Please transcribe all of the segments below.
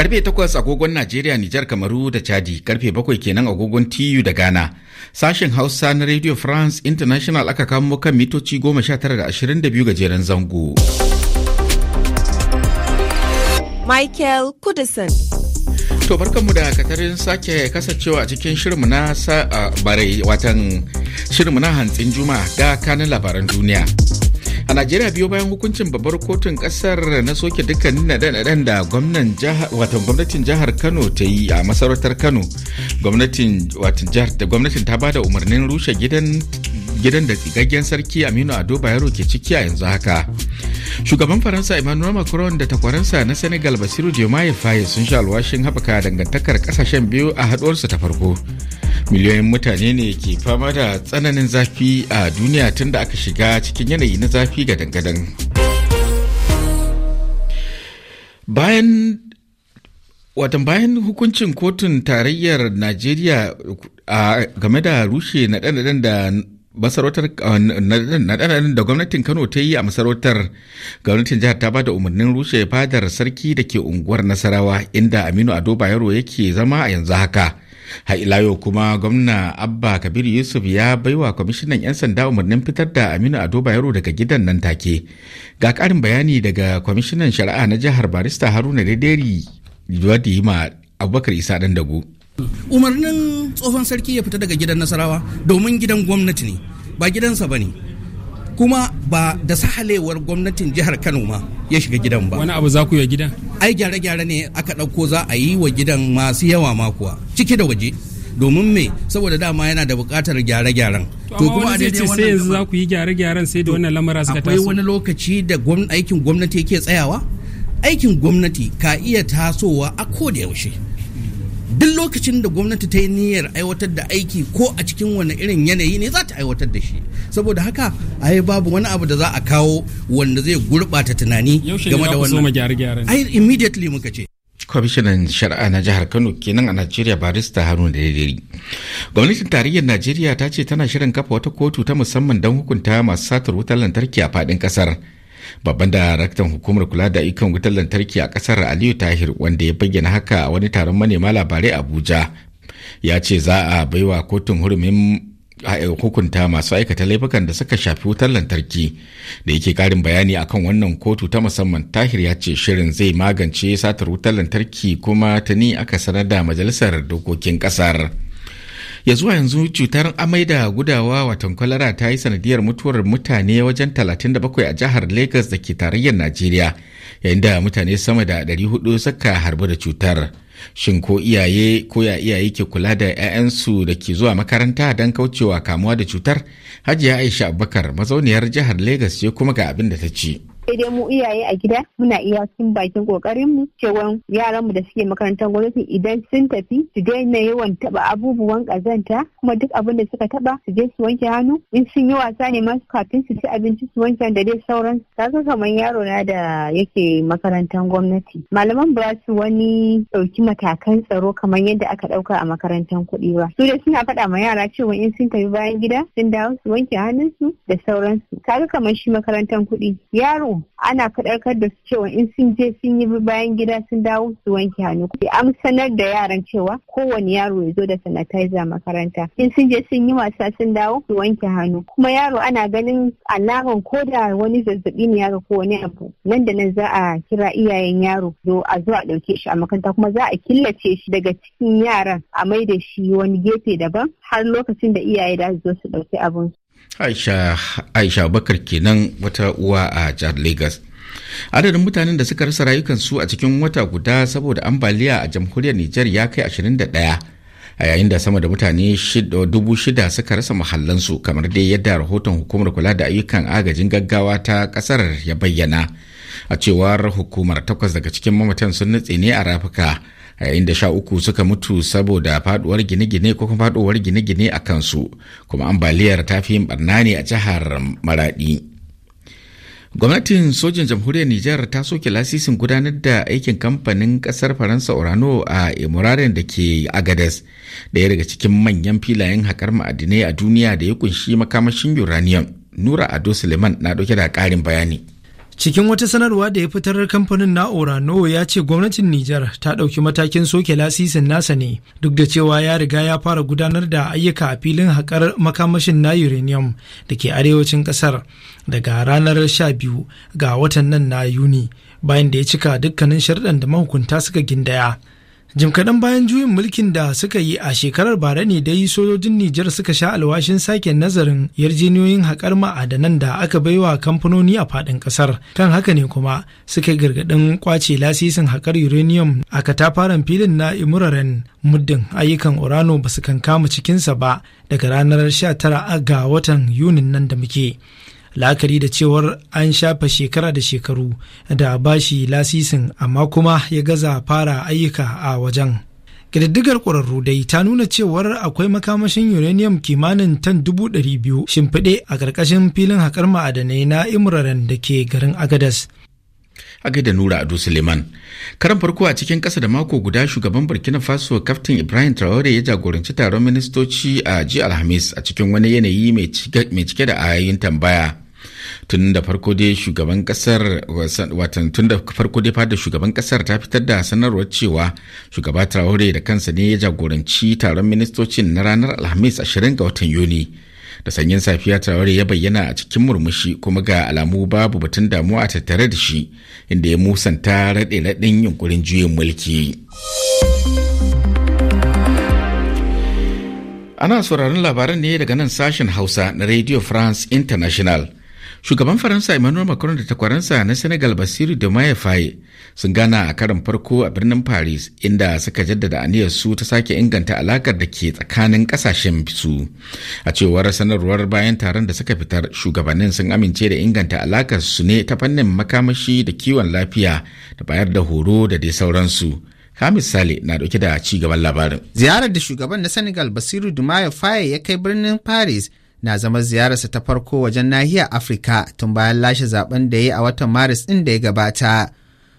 Karfe takwas agogon Najeriya, Nijar, Kamaru da Chadi, karfe bakwai kenan agogon TU da Ghana. Sashen Hausa na Radio France International aka kamo kan mitoci goma sha tara da ashirin da biyu gajeren zango. Michael Kudison. To barkanmu da katarin sake kasancewa a cikin shirinmu na sa barai watan shirinmu na hantsin juma'a ga kanin labaran duniya. A Najeriya biyo bayan hukuncin babbar kotun kasar na soke dukkanin naɗe-naɗen da gwamnatin jihar Kano ta yi a masarautar Kano. Gwamnatin ta ba da umarnin rushe gidan gidan da gaggen sarki aminu ado bayero ke ciki a yanzu haka shugaban faransa emmanuel macron da takwaransa na senegal basiru diomaye faye sun sha alwashin haɓaka dangantakar ƙasashen biyu a haɗuwarsu ta farko miliyoyin mutane ne ke fama da tsananin zafi a duniya tun da aka shiga cikin yanayi na zafi ga dangadan bayan watan bayan hukuncin kotun tarayyar najeriya game da rushe na ɗan da masarautar ah, naɗaɗin da gwamnatin kano ta yi a masarautar gwamnatin jihar ta ba da umarnin rushe fadar sarki da ke unguwar nasarawa inda aminu ado bayero yake zama a yanzu haka har ila yau kuma gwamna abba kabir yusuf ya baiwa kwamishinan 'yan sanda umarnin fitar da aminu ado bayero daga gidan nan take ga karin bayani daga kwamishinan shari'a na jihar barista haruna daidari wadda yi abubakar isa ɗan dago umarnin tsohon sarki ya fita daga gidan nasarawa domin gidan gwamnati ne ba gidansa ba ne kuma ba da sahalewar gwamnatin jihar kano ma ya shiga gidan ba wani abu za ku yi gidan ai gyare-gyare ne aka ɗauko za a yi wa gidan masu yawa makuwa ciki da waje domin me saboda dama yana da buƙatar gyare-gyaren to kuma a daidai wannan sai yanzu za ku yi gyare-gyaren sai da wannan lamara suka taso akwai wani lokaci da aikin gwamnati yake tsayawa aikin gwamnati ka iya tasowa a ko da yaushe duk lokacin da gwamnati ta yi niyyar aiwatar da aiki ko a cikin wani irin yanayi ne za ta aiwatar da shi saboda haka ai babu wani abu da za a kawo wanda zai gurɓata tunani game da wannan ai immediately muka ce kwamishinan shari'a na jihar kano kenan a najeriya barista haruna daidai gwamnatin tarayyar najeriya ta ce tana shirin kafa wata kotu ta musamman don hukunta masu satar wutar lantarki a faɗin ƙasar babban daraktan hukumar kula da ikon wutar lantarki a kasar aliyu tahir wanda ya bayyana haka a wani taron manema labarai abuja ya ce za a baiwa kotun hurumin eh, hukunta masu aikata laifukan da suka shafi wutar lantarki da yake karin bayani akan wannan kotu ta musamman tahir ya ce shirin zai magance satar wutar lantarki kuma tuni aka sanar da majalisar dokokin kasar. ya zuwa yanzu cutar amai da gudawa watan kwalara ta yi sanadiyar mutuwar mutane wajen 37 a jihar lagos da ke tarayyar najeriya yayin da mutane sama da 400 suka harbu da cutar shin ko iyaye ko ya iyaye ke kula da 'ya'yansu da ke zuwa makaranta don kaucewa kamuwa da cutar hajiya aisha abubakar mazauniyar jihar lagos ce kuma ga abin da ta ce sai dai mu iyaye a gida muna iya cikin bakin kokarin mu cewa yaran mu da suke makarantar gwamnati idan sun tafi su daina yawan taba abubuwan kazanta kuma duk abin da suka taba su je su wanke hannu in sun yi wasa ne ma kafin su ci abinci su wanke da dai sauran kaga kamar yaro na da yake makarantar gwamnati malaman ba su wani dauki matakan tsaro kamar yadda aka dauka a makarantar kuɗi ba su dai suna faɗa ma yara cewa in sun tafi bayan gida sun dawo su wanke hannunsu da sauransu kaga kamar shi makarantar kuɗi yaro yau ana faɗakar da su cewa in sun je sun yi bayan gida sun dawo su wanke hannu. An sanar da yaran cewa kowane yaro ya zo da sanitizer makaranta. In sun je sun yi wasa sun dawo su wanke hannu. Kuma yaro ana ganin alaman ko da wani zazzabi ne yaro ko wani abu. Nan da nan za a kira iyayen yaro zo a zo a ɗauke shi a makaranta kuma za a killace shi daga cikin yaran a mai shi wani gefe daban har lokacin da iyaye da su zo su ɗauki abin aisha aisha bakar kenan wata uwa a jihar lagos adadin mutanen da suka rasa rayukansu a cikin wata guda saboda ambaliya a jamhuriyar nijar ya kai 21 a yayin da sama da mutane dubu shida suka rasa mahallansu kamar dai yadda rahoton hukumar kula da ayyukan agajin gaggawa ta kasar ya bayyana a cewar hukumar takwas daga cikin mamatan sun nutse ne a rafuka yayin da sha uku suka mutu saboda faduwar gine-gine ko kuma faduwar gine-gine a kansu kuma ambaliyar ta fi yin barna ne a jihar maradi gwamnatin sojin jamhuriyar nijar ta soke lasisin gudanar da aikin kamfanin kasar faransa orano a imuraren da ke agadas daya daga cikin manyan filayen hakar ma'adinai a duniya da ya kunshi makamashin uranium nura ado suleiman na dauke da karin bayani cikin wata sanarwa da ya fitar kamfanin na'ura, nowo ya ce gwamnatin nijar ta ɗauki matakin soke lasisin nasa ne duk da cewa ya riga ya fara gudanar da ayyuka a filin haƙar makamashin na uranium da ke arewacin ƙasar daga ranar 12 ga watan nan na yuni bayan da ya cika dukkanin sharɗan da mahukunta suka gindaya jim kaɗan bayan juyin mulkin da suka yi a shekarar bara ne dai sojojin nijar suka sha alwashin sake nazarin yarjeniyoyin haƙar ma'adanan da aka baiwa kamfanoni a faɗin ƙasar kan haka ne kuma suka gargaɗin kwace lasisin haƙar uranium a katafaren filin na imuraren muddin ayyukan urano ba su kama cikinsa ba daga ranar 19 ga watan yunin nan da muke la'akari da cewar an shafa shekara da shekaru da bashi lasisin amma kuma ya gaza fara ayyuka a wajen ƙididdigar ƙwararru dai ta nuna cewar akwai makamashin uranium kimanin tan dubu ɗari biyu shimfiɗe a ƙarƙashin filin haƙar ma'adanai na imraran da ke garin agadas a gaida Nura Ado Suleiman. Karan farko a cikin ƙasa da mako guda shugaban Burkina Faso Kaftin Ibrahim Traore ya jagoranci taron ministoci a ji Alhamis a cikin wani yanayi mai cike da ayoyin tambaya. tun da farko dai shugaban kasar watan tun da farko dai fadar shugaban kasar ta fitar da sanarwar cewa shugaba Traore da kansa ne ya jagoranci taron ministocin na ranar Alhamis 20 ga watan Yuni. da sanyin safiya traore ya bayyana a cikin murmushi kuma ga alamu babu batun damuwa a tattare da shi inda ya musanta raɗe-raɗin yunkurin juyin mulki ana sauraron labaran ne daga nan sashen hausa na radio france international shugaban faransa emmanuel macron da takwaransa na senegal basiru da faye sun gana a karin farko a birnin paris inda suka jaddada aniyar su ta sake inganta alakar da ke tsakanin kasashen su a cewar sanarwar bayan taron da suka fitar shugabannin sun amince da inganta alakar su ne ta fannin makamashi da kiwon lafiya da bayar da horo da dai sauransu Hamis Sale na dauke da ci gaban labarin. Ziyarar da shugaban na Senegal Basiru Dumaye Faye ya kai birnin Paris na zama ziyararsa ta farko wajen nahiyar afirka tun bayan lashe zaben da ya yi a watan maris ɗin da ya gabata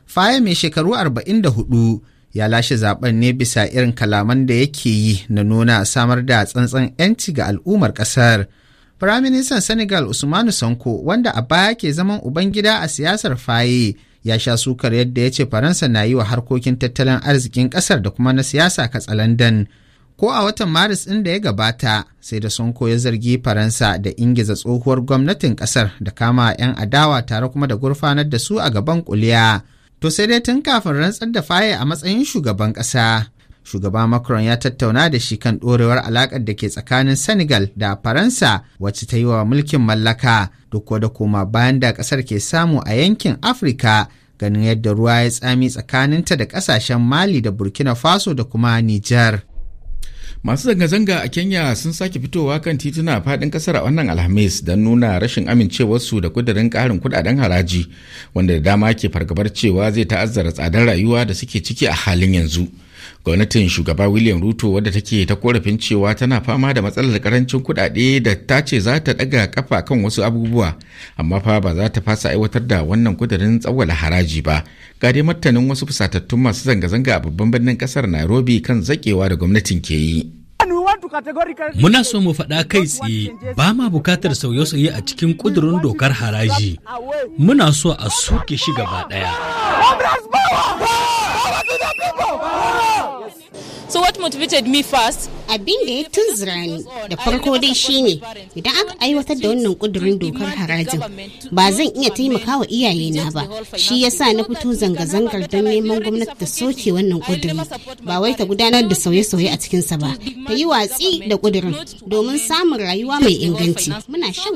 faya mai shekaru 44 ya lashe zaben ne bisa irin kalaman da yake yi na nuna samar da tsantsan 'yanci ga al'ummar ƙasar firaministan senegal usmanu sanko wanda a baya ke zaman ubangida a siyasar faye ya sha sukar yadda ya ce faransa na yi wa harkokin tattalin arzikin ƙasar da kuma na siyasa katsalandan ko a watan maris ɗin da ya gabata sai da sun koya zargi faransa da ingiza tsohuwar gwamnatin ƙasar da kama 'yan adawa tare kuma da gurfanar da su a gaban kuliya to sai dai tun kafin rantsar da faye a matsayin shugaban ƙasa shugaba macron ya tattauna da shi kan ɗorewar alaƙar da ke tsakanin senegal da faransa wacce ta yi wa mulkin mallaka duk da koma bayan da ƙasar ke samu a yankin afirka ganin yadda ruwa ya tsami tsakaninta da ƙasashen mali da burkina faso da kuma nijar Masu zanga-zanga a Kenya sun sake fitowa kan tituna a faɗin ƙasar a wannan Alhamis don nuna rashin amincewarsu da kudirin karin kudaden haraji, wanda da dama ke fargabar cewa zai ta'azzara tsadar rayuwa da suke ciki a halin yanzu. gwamnatin shugaba william ruto wadda take ta korafin cewa tana fama da matsalar karancin kudade da ta ce za ta daga kafa kan wasu abubuwa amma fa ba za ta fasa aiwatar da wannan kudirin tsawala haraji ba ga dai martanin wasu fusatattun masu zanga-zanga a babban birnin kasar nairobi kan zakewa da gwamnatin ke yi Muna so mu faɗa kai tsaye ba ma bukatar sauye-sauye a cikin ƙudurin dokar haraji. Muna so a soke shi gaba ɗaya. So what motivated me first abin da ya tun ni da farko dai shine idan aka aiwatar da wannan kudurin dokar harajin ba zan iya taimakawa wa iyayena ba shi yasa na fito zanga-zangar don neman gwamnati ta soke wannan kudurin ba wai ta gudanar da sauye-sauye a cikinsa ba ta yi watsi da kudurin domin samun rayuwa mai inganci muna shan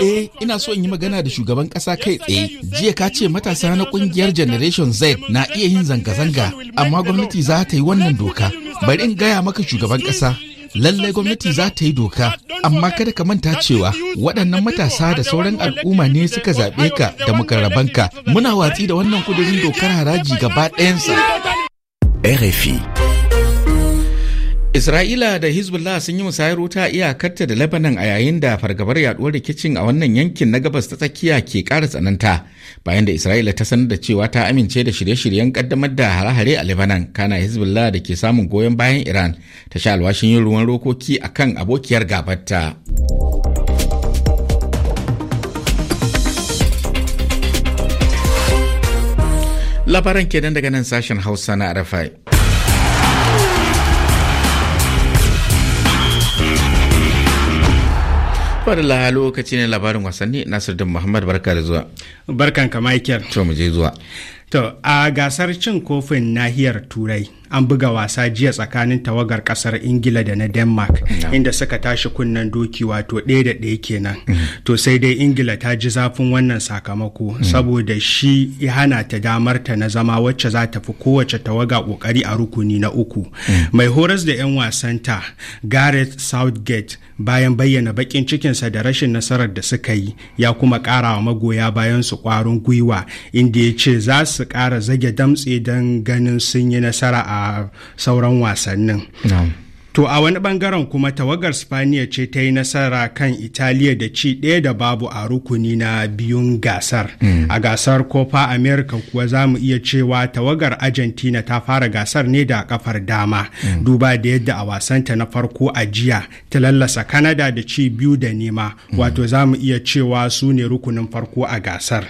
eh ina so in yi magana da shugaban kasa kai tsaye jiya ka ce matasa na kungiyar generation z na iya yin zanga-zanga amma gwamnati gwamnati za ta yi wannan doka bari in gaya maka shugaban kasa lallai gwamnati za ta yi doka amma kada ka manta cewa waɗannan matasa da sauran al'umma ne suka zaɓe ka da mukarrabanka muna watsi da wannan kudurin dokar haraji gaba ɗayansa. Isra'ila da Hezbollah sun yi musayar wuta iyakarta da Lebanon a yayin da fargabar yaduwar rikicin a wannan yankin na gabas ta tsakiya ke ƙara tsananta bayan da Isra'ila ta sanar da cewa ta amince da shirye-shiryen kaddamar da hare-hare a Lebanon kana Hezbollah da ke samun goyon bayan Iran ta sha alwashin yin ruwan rokoki kan abokiyar gabarta. Labaran kenan daga nan sashen Hausa na Arafai. Madalla lokaci ne labarin wasanni Nasiruddin Muhammad barka da zuwa. Barkan ka Michael. To mu je zuwa. To a gasar cin kofin nahiyar Turai. an buga wasa jiya tsakanin tawagar kasar ingila da na denmark inda suka tashi kunnen doki wato ɗaya da ɗaya kenan mm-hmm. to sai dai ingila ta ji zafin wannan sakamako mm-hmm. saboda shi ya hana ta damar ta na zama wacce za ta fi kowace tawaga ƙoƙari a rukuni na uku mm-hmm. mai horas da 'yan wasan ta gareth southgate bayan bayyana baƙin cikinsa da rashin nasarar da suka yi ya kuma ƙara wa magoya bayan su kwarin gwiwa inda ya ce za su kara zage damtse don ganin sun yi nasara a a sauran wasannin To a wani bangaren kuma tawagar Spaniya ce ta yi nasara kan Italiya da ci ɗaya da babu a rukuni na biyun gasar. Hmm. A gasar Copa America kuwa za mu iya cewa tawagar Argentina ta fara gasar ne da kafar dama. Hmm. Duba da yadda a wasanta na farko a jiya ta lallasa Kanada da ci biyu da nema. Hmm. Wato za mu iya cewa su ne rukunin farko a gasar.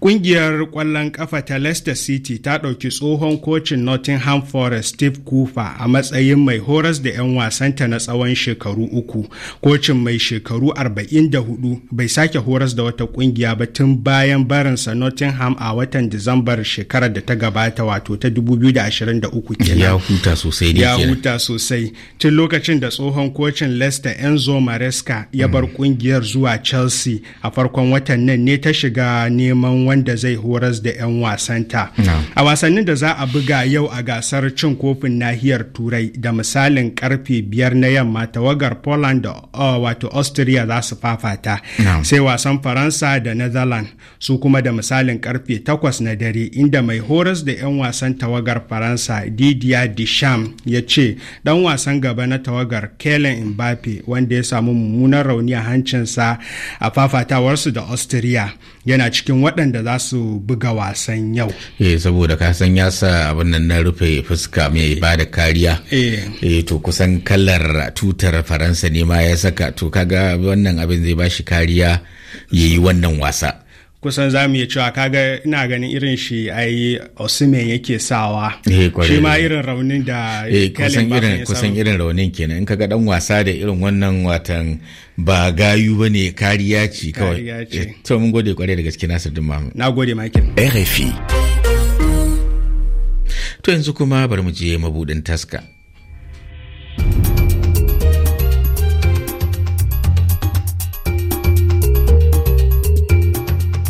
Ƙungiyar ƙwallon ƙafa ta Leicester City ta ɗauki tsohon kocin Nottingham Forest Steve Cooper a matsayin mai horas da 'yan wasanta na tsawon shekaru uku. Kocin mai shekaru 44 bai sake horas da wata ƙungiya ba tun bayan barinsa Nottingham a watan Disambar shekarar da ta gabata wato ta 2023 kenan. Ya huta sosai ne Ya huta sosai. Tun lokacin da tsohon kocin Leicester Enzo Maresca ya bar ƙungiyar mm. zuwa Chelsea a farkon watan nan ne ta shiga neman wanda zai horas da 'yan wasanta a wasannin da za a buga yau a gasar cin kofin nahiyar turai da misalin karfe biyar na yamma tawagar poland da uh, wato austria za su fafata sai wasan faransa da netherlands su kuma da misalin karfe takwas na dare inda mai horas da 'yan wasan tawagar faransa didier Deschamps ya ce dan wasan gaba na tawagar Kellen mbappe wanda ya samu mummunan rauni a hancinsa a fafatawarsu da austria yana cikin waɗanda da za su buga wasan yau eh saboda ka san ya sa abin nan na rufe fuska mai ba da kariya eh, eh to kusan kalar tutar faransa ne ma ya saka to kaga wannan abin zai ba shi kariya yayi wannan wasa kusan za mu iya cewa kaga ina ganin irin shi ai osimen yake sawa eh, shi ma irin raunin da eh, kusan irin kusan irin raunin kenan in kaga dan wasa da irin wannan watan ba gayu bane kariya ce kawai eh, to mun gode kwarai da gaske Nasiruddin Muhammad na gode maki. RFI to yanzu kuma bari mu je mabudin taska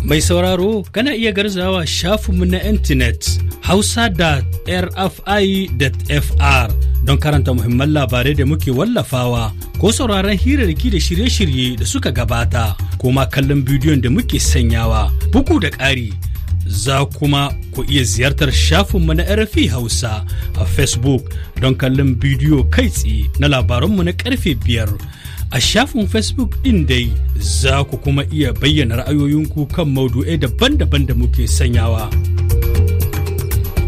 Mai sauraro kana iya garzawa shafinmu na intanet hausa.rfi.fr don karanta muhimman labarai da muke wallafawa ko sauraron hirarki da shirye-shirye da suka gabata ko ma kallon bidiyon da muke sanyawa bugu da ƙari. Za kuma ku iya ziyartar shafinmu na RFI Hausa a Facebook don kallon bidiyo kai tsaye na labaranmu na karfe biyar. a shafin facebook ɗin dai za ku kuma iya bayyana ra'ayoyinku kan maudu'ai daban-daban da muke sanyawa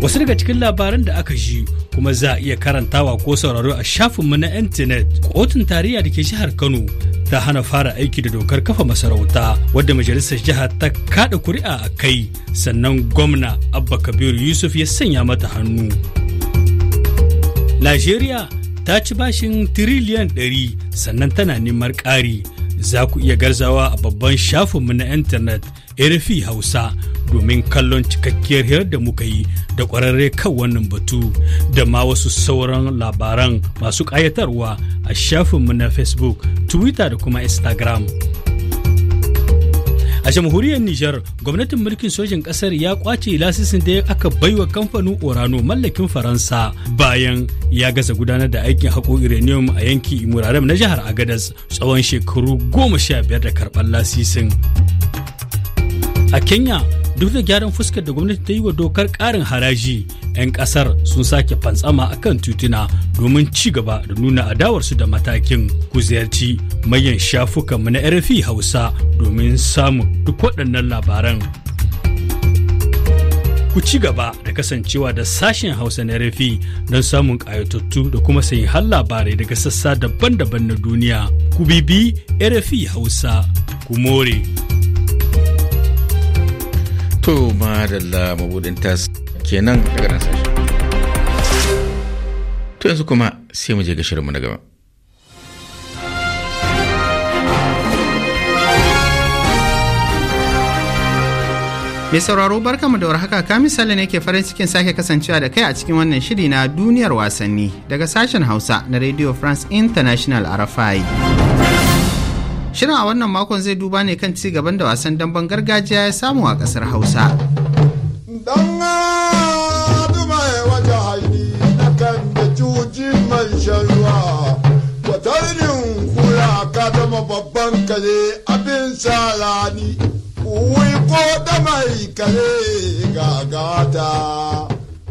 wasu daga cikin labaran da aka ji kuma za a iya karantawa ko sauraro a shafinmu na intanet kotun tarayya da ke jihar kano ta hana fara aiki da dokar kafa masarauta wadda majalisar Jihar ta kada kuri'a a kai sannan gwamna abba kabiru yusuf ya sanya mata hannu najeriya ta ci bashin tiriliyan ɗari sannan tana neman ƙari za ku iya garzawa a babban shafinmu na intanet rfi hausa domin kallon cikakkiyar hirar da muka yi da ƙwararre kan wannan batu da ma wasu sauran labaran masu ƙayatarwa a shafinmu na facebook twitter da kuma instagram A jamhuriyar Nijar, gwamnatin mulkin sojin ƙasar ya kwace lasisin da aka baiwa kamfanin Orano mallakin Faransa bayan ya gaza gudanar da aikin haƙo uranium a yanki Imurarem na jihar Agadez tsawon shekaru goma sha biyar da karɓar lasisin. A Kenya, duk da gyaran fuskar da gwamnati ta yi wa dokar karin haraji 'yan kasar sun sake fantsama akan tituna domin ci gaba da nuna adawarsu da matakin ku ziyarci mayan shafukanmu na rfi hausa domin samun duk waɗannan labaran ku ci gaba da kasancewa da sashen hausa na rfi don samun ƙayatattu da kuma sayin har labarai daga sassa daban-daban na duniya ku bibi rfi hausa ku more To madalla mabudin tas kenan daga nan sashi. To yanzu kuma sai mu je ga shirinmu na gaba. Mai sauraro mu da warhaka ka misali ne ke farin cikin sake kasancewa da kai a cikin wannan shiri na duniyar wasanni daga sashen Hausa na Radio France International RFI. Shirin a wannan makon zai duba ne kan ci gaban da wasan damben gargajiya ya samu a kasar Hausa. babban kare abin sarani wai da mai kare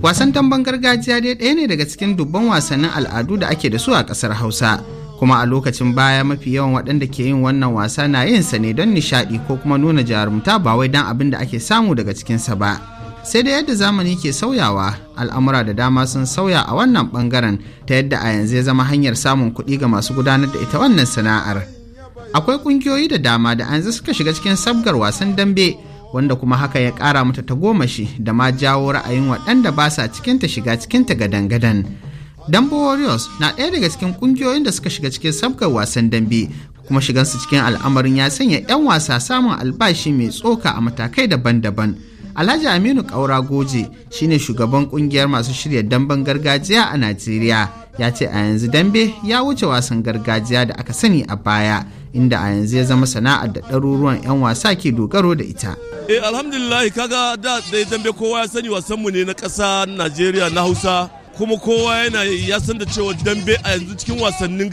Wasan damben gargajiya dai ɗaya ne daga cikin dubban wasannin al'adu da ake da su a ƙasar Hausa. kuma a lokacin baya mafi yawan waɗanda ke yin wannan wasa na yin sa ne don nishaɗi ko kuma nuna jarumta ba wai don abin da ake samu daga cikinsa ba sai da yadda zamani ke sauyawa al'amura da dama sun sauya a wannan bangaren ta yadda a yanzu ya zama hanyar samun kuɗi ga masu gudanar da ita wannan sana'ar akwai ƙungiyoyi da dama da yanzu suka shiga cikin sabgar wasan dambe wanda kuma haka ya ƙara mata ta goma shi, da ma jawo ra'ayin waɗanda ba sa cikinta shiga cikinta gadan-gadan Dambo Warriors na ɗaya daga cikin ƙungiyoyin da suka shiga cikin sabgar wasan dambe kuma shigansu cikin al'amarin ya sanya 'yan wasa samun albashi mai tsoka a matakai daban-daban. Alhaji Aminu Kaura Goje shine shugaban ƙungiyar masu shirya damben gargajiya a Najeriya ya ce a yanzu dambe ya wuce wasan gargajiya da aka sani a baya inda a yanzu ya zama sana'ar da ɗaruruwan 'yan wasa ke dogaro da ita. Eh alhamdulillah kaga da dambe kowa ya sani wasanmu ne na ƙasa Najeriya na Hausa kuma kowa yana ya san da cewa dambe a yanzu cikin wasannin